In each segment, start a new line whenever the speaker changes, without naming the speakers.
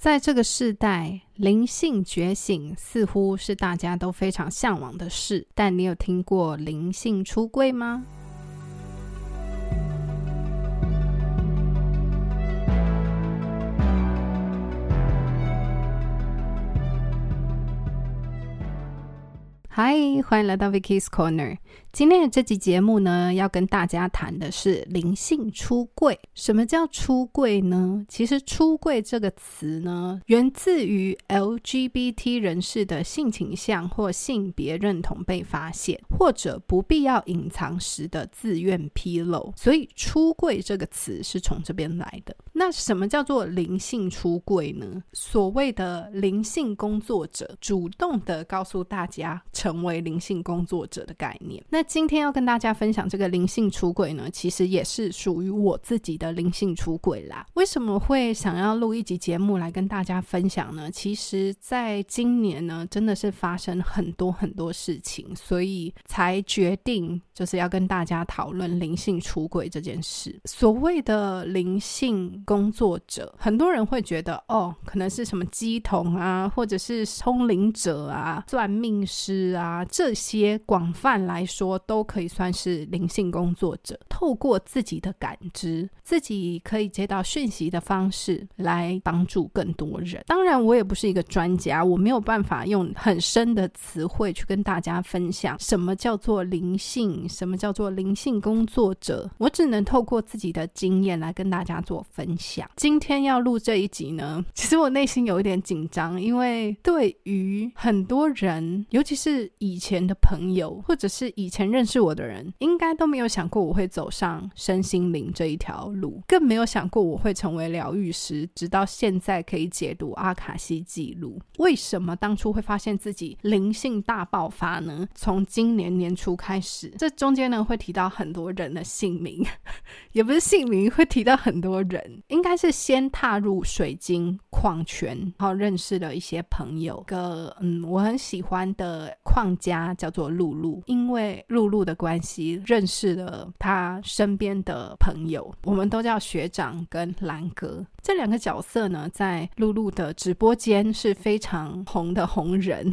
在這個時代，靈性覺醒似乎是大家都非常嚮往的事，但你有聽過靈性出櫃嗎？嗨，歡迎來到 Vicky's Corner。今天的這集節目呢，要跟大家談的是靈性出櫃。什麼叫出櫃呢？其實“出櫃”這個詞呢，源自於 LGBT 人士的性傾向或性別認同被發現，或者不必要隱藏時的自願披露。所以“出櫃”這個詞是從這邊來的。那什麼叫做靈性出櫃呢？所謂的靈性工作者主動地告訴大家。成為靈性工作者的概念。那今天要跟大家分享這個靈性出櫃呢，其實也是屬於我自己的靈性出櫃啦。為什麼會想要錄一集節目來跟大家分享呢？其實，在今年呢，真的是發生很多很多事情，所以才決定就是要跟大家討論靈性出櫃這件事。所謂的靈性工作者，很多人會覺得哦，可能是什麼乩童啊，或者是通靈者啊，算命師。啊，這些廣泛來說都可以算是靈性工作者，透過自己的感知，自己可以接到訊息的方式來幫助更多人。當然，我也不是一個專家，我沒有辦法用很深的詞彙去跟大家分享什麼叫做靈性，什麼叫做靈性工作者。我只能透過自己的經驗來跟大家做分享。今天要錄這一集呢，其實我內心有一點緊張，因為對於很多人，尤其是以前的朋友，或者是以前認識我的人，應該都沒有想過我會走上身心靈這一條路，更沒有想過我會成為療癒師，直到現在可以解讀阿卡西記錄。為什麼當初會發現自己靈性大爆發呢？從今年年初開始，這中間呢，會提到很多人的姓名，也不是姓名，會提到很多人，應該是先踏入水晶礦泉，然後認識了一些朋友，個嗯，我很喜歡的。粉絲叫做鹿鹿，因為鹿鹿的關係認識了他身邊的朋友，我們都叫學長跟瀾哥。這兩個角色呢，在鹿鹿的直播間是非常紅的紅人。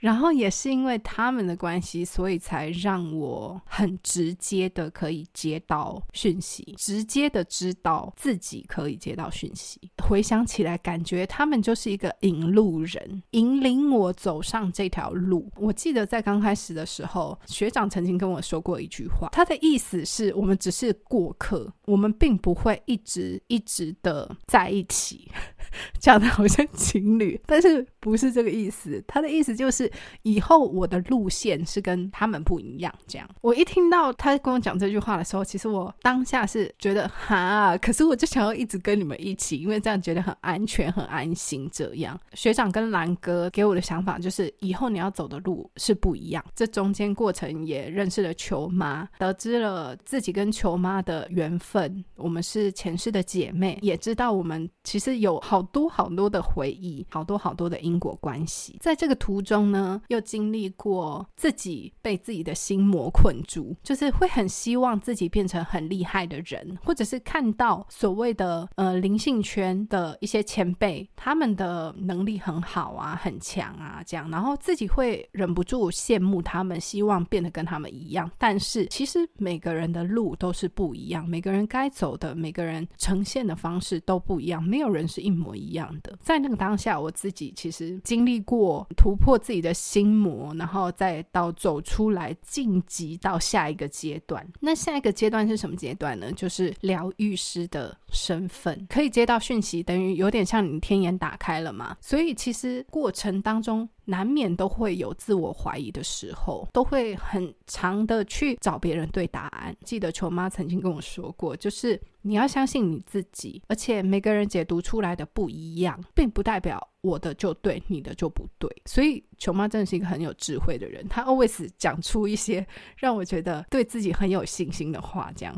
然後也是因為他們的關係，所以才讓我很直接的可以接到訊息，直接的知道自己可以接到訊息。回想起來，感覺他們就是一個引路人，引領我走上這條路。我記得在剛開始的時候，學長曾經跟我說過一句話，他的意思是我們只是過客，我們並不會一直一直的在一起， 講的好像情侶，但是不是這個意思。他的意思就是。以後我的路線是跟他們不一樣，這樣。我一聽到他跟我講這句話的時候，其實我當下是覺得哈，可是我就想要一直跟你們一起，因為這樣覺得很安全、很安心。這樣，學長跟瀾哥給我的想法就是，以後你要走的路是不一樣。這中間過程也認識了球媽，得知了自己跟球媽的緣分，我們是前世的姐妹，也知道我們其實有好多好多的回憶，好多好多的因果關係。在這個途中呢。又經歷過自己被自己的心魔困住，就是會很希望自己變成很厲害的人，或者是看到所謂的呃靈性圈的一些前輩，他們的能力很好啊，很強啊，這樣，然後自己會忍不住羨慕他們，希望變得跟他們一樣。但是其實每個人的路都是不一樣，每個人該走的，每個人呈現的方式都不一樣，沒有人是一模一樣的。在那個當下，我自己其實經歷過突破自己的心魔，然後再到走出來，晉級到下一個階段。那下一個階段是什麼階段呢？就是療癒師的身份，可以接到訊息，等於有點像你天眼打開了嘛。所以其實過程當中。難免都會有自我懷疑的時候，都會很常的去找別人對答案。記得球媽曾經跟我說過，就是你要相信你自己，而且每個人解讀出來的不一樣，並不代表我的就對，你的就不對。所以球媽真的是一個很有智慧的人，她 always 講出一些讓我覺得對自己很有信心的話，這樣。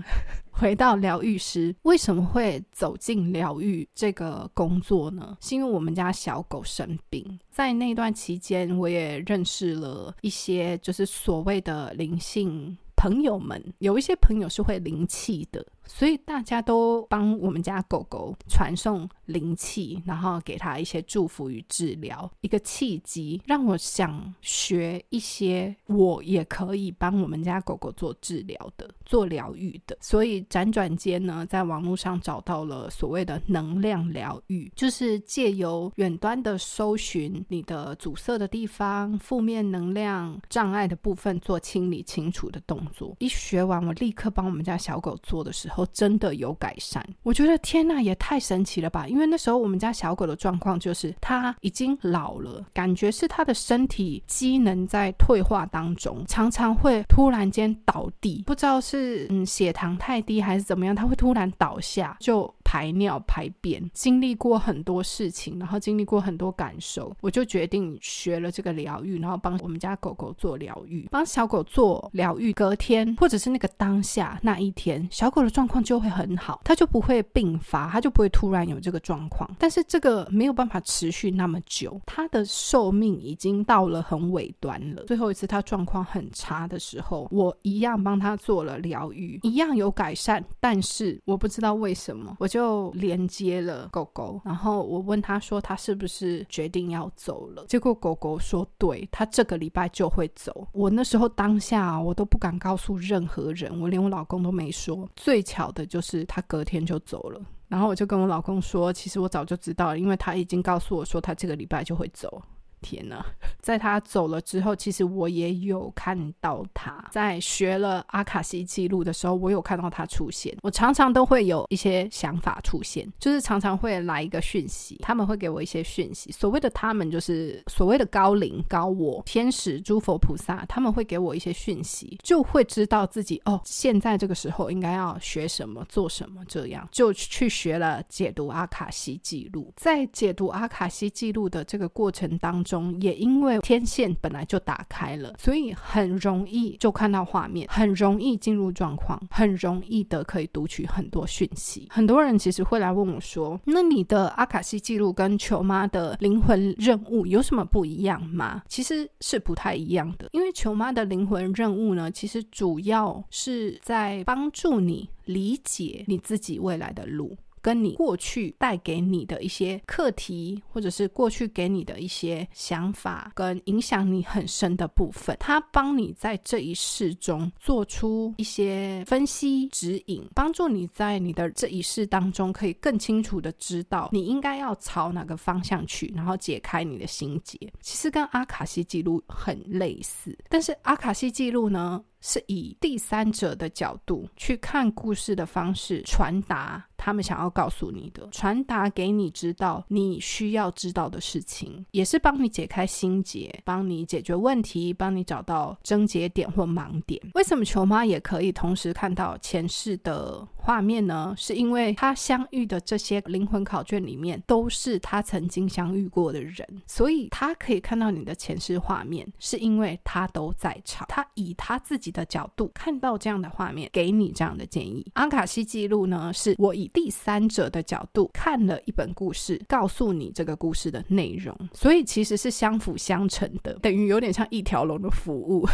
回到療癒師，為什麼會走進療癒這個工作呢？是因為我們家小狗生病，在那段期間，我也認識了一些就是所謂的靈性朋友們，有一些朋友是會靈氣的。所以大家都幫我們家狗狗傳送靈氣，然後給它一些祝福與治療，一個契機讓我想學一些我也可以幫我們家狗狗做治療的、做療癒的。所以輾轉間呢，在網絡上找到了所謂的能量療癒，就是借由遠端的搜尋你的阻塞的地方、負面能量障礙的部分做清理清除的動作。一學完，我立刻幫我們家小狗做的時候。真的有改善，我覺得天哪，也太神奇了吧！因為那時候我們家小狗的狀況就是，它已經老了，感覺是它的身體機能在退化當中，常常會突然間倒地，不知道是，嗯，血糖太低還是怎麼樣，它會突然倒下就，排尿排便，經歷過很多事情，然後經歷過很多感受，我就決定學了這個療癒，然後幫我們家狗狗做療癒，幫小狗做療癒。隔天或者是那個當下那一天，小狗的狀況就會很好，它就不會病發，它就不會突然有這個狀況。但是這個沒有辦法持續那麼久，它的壽命已經到了很尾端了。最後一次它狀況很差的時候，我一樣幫它做了療癒，一樣有改善，但是我不知道為什麼，我就。就連接了狗狗，然後我問他說他是不是決定要走了，結果狗狗說對他這個禮拜就會走。我那時候當下我都不敢告訴任何人，我連我老公都沒說。最巧的就是他隔天就走了，然後我就跟我老公說，其實我早就知道了，因為他已經告訴我說他這個禮拜就會走。天吶、啊，在他走了之後，其實我也有看到他在學了阿卡西記錄的時候，我有看到他出現。我常常都會有一些想法出現，就是常常會來一個訊息，他們會給我一些訊息。所謂的他們，就是所謂的高靈、高我、天使、諸佛菩薩，他們會給我一些訊息，就會知道自己哦，現在這個時候應該要學什麼、做什麼，這樣就去學了解讀阿卡西記錄。在解讀阿卡西記錄的這個過程當中。中也因為天線本來就打開了，所以很容易就看到畫面，很容易進入狀況，很容易的可以讀取很多訊息。很多人其實會來問我說：“那你的阿卡西記錄跟球媽的靈魂任務有什麼不一樣嗎？”其實是不太一樣的，因為球媽的靈魂任務呢，其實主要是在幫助你理解你自己未來的路。跟你過去帶給你的一些課題，或者是過去給你的一些想法，跟影響你很深的部分，它幫你在這一世中做出一些分析指引，幫助你在你的這一世當中，可以更清楚的知道你應該要朝哪個方向去，然後解開你的心結。其實跟阿卡西記錄很類似，但是阿卡西記錄呢，是以第三者的角度去看故事的方式傳達他們想要告訴你的，傳達給你知道你需要知道的事情，也是幫你解開心結，幫你解決問題，幫你找到症結點或盲點。為什麼球媽也可以同時看到前世的畫面呢，是因為他相遇的這些靈魂考卷裡面，都是他曾經相遇過的人，所以他可以看到你的前世畫面，是因為他都在場。他以他自己的角度看到這樣的畫面，給你這樣的建議。阿卡西記錄呢，是我以第三者的角度看了一本故事，告訴你這個故事的內容，所以其實是相輔相成的，等於有點像一條龍的服務。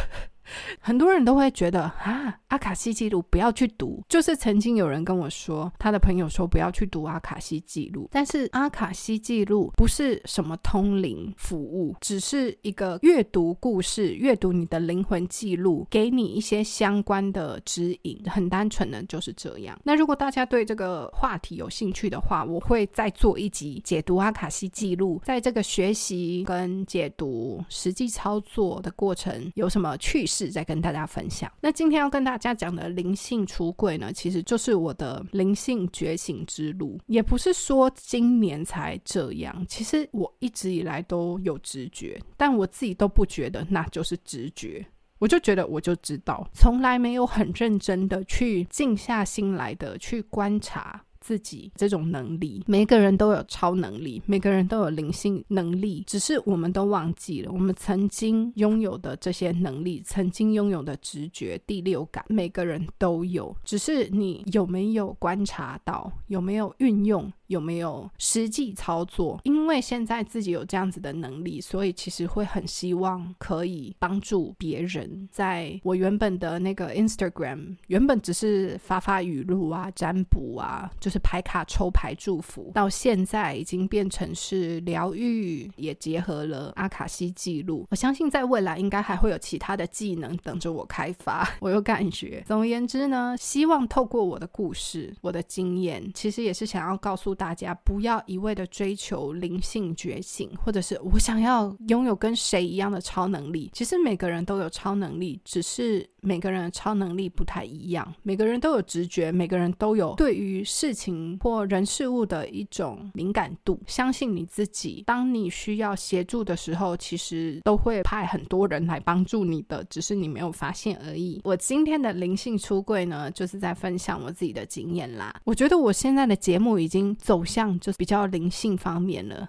很多人都會覺得啊，阿卡西記錄不要去讀。就是曾經有人跟我說，他的朋友說不要去讀阿卡西記錄。但是阿卡西記錄不是什麼通靈服務，只是一個閱讀故事，閱讀你的靈魂記錄，給你一些相關的指引，很單純的就是這樣。那如果大家對這個話題有興趣的話，我會再做一集解讀阿卡西記錄。在這個學習跟解讀實際操作的過程，有什麼趣事是在跟大家分享。那今天要跟大家講的靈性出櫃呢，其實就是我的靈性覺醒之路。也不是說今年才這樣，其實我一直以來都有直覺，但我自己都不覺得那就是直覺，我就覺得我就知道，從來沒有很認真的去靜下心來的去觀察。自己這種能力，每個人都有超能力，每個人都有靈性能力，只是我們都忘記了我們曾經擁有的這些能力，曾經擁有的直覺、第六感，每個人都有，只是你有沒有觀察到，有沒有運用，有沒有實際操作？因為現在自己有這樣子的能力，所以其實會很希望可以幫助別人。在我原本的那個 Instagram，原本只是發發語錄啊、占卜啊，就是。是牌卡抽牌祝福，到現在已經變成是療癒，也結合了阿卡西記錄。我相信在未來應該還會有其他的技能等着我開發，我有感覺。總而言之呢，希望透過我的故事、我的經驗，其實也是想要告訴大家，不要一味的追求靈性覺醒，或者是我想要擁有跟誰一樣的超能力。其實每個人都有超能力，只是。每個人的超能力不太一樣，每個人都有直覺，每個人都有對於事情或人事物的一種敏感度。相信你自己，當你需要協助的時候，其實都會派很多人來幫助你的，只是你沒有發現而已。我今天的靈性出櫃呢，就是在分享我自己的經驗啦。我覺得我現在的節目已經走向就比較靈性方面了。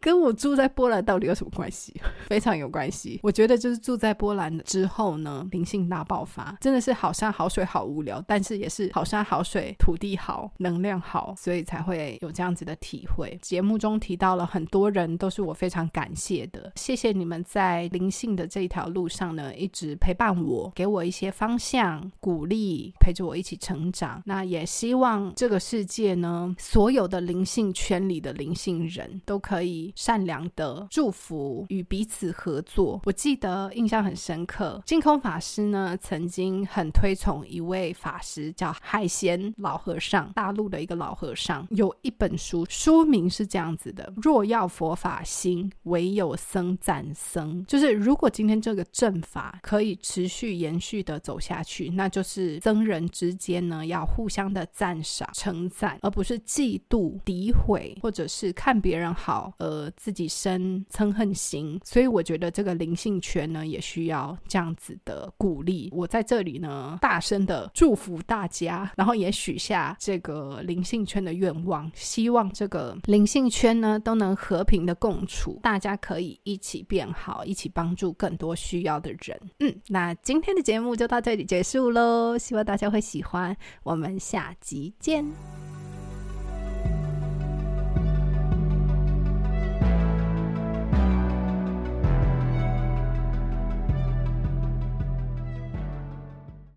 跟我住在波蘭到底有什麼關係？ 非常有關係。我覺得就是住在波蘭之後呢，靈性大爆發，真的是好山好水好無聊，但是也是好山好水、土地好，能量好，所以才會有這樣子的體會。節目中提到了很多人，都是我非常感謝的，謝謝你們在靈性的這一條路上呢，一直陪伴我，給我一些方向、鼓勵，陪着我一起成長。那也希望這個世界呢，所有的靈性圈裡的靈性人都可以善良的祝福與彼此合作，我記得印象很深刻。淨空法師呢，曾經很推崇一位法師，叫海賢老和尚，大陸的一個老和尚。有一本書，書名是這樣子的：“若要佛法興，唯有僧贊僧。”就是如果今天這個正法可以持續延續的走下去，那就是僧人之間呢，要互相的讚賞稱讚，而不是嫉妒詆毀，或者是看別人好而。呃自己生憎恨心，所以我覺得這個靈性圈呢，也需要這樣子的鼓勵。我在這裡呢，大聲的祝福大家，然後也許下這個靈性圈的願望，希望這個靈性圈呢都能和平的共處，大家可以一起變好，一起幫助更多需要的人。嗯，那今天的節目就到這裡結束嘍，希望大家會喜歡，我們下集見。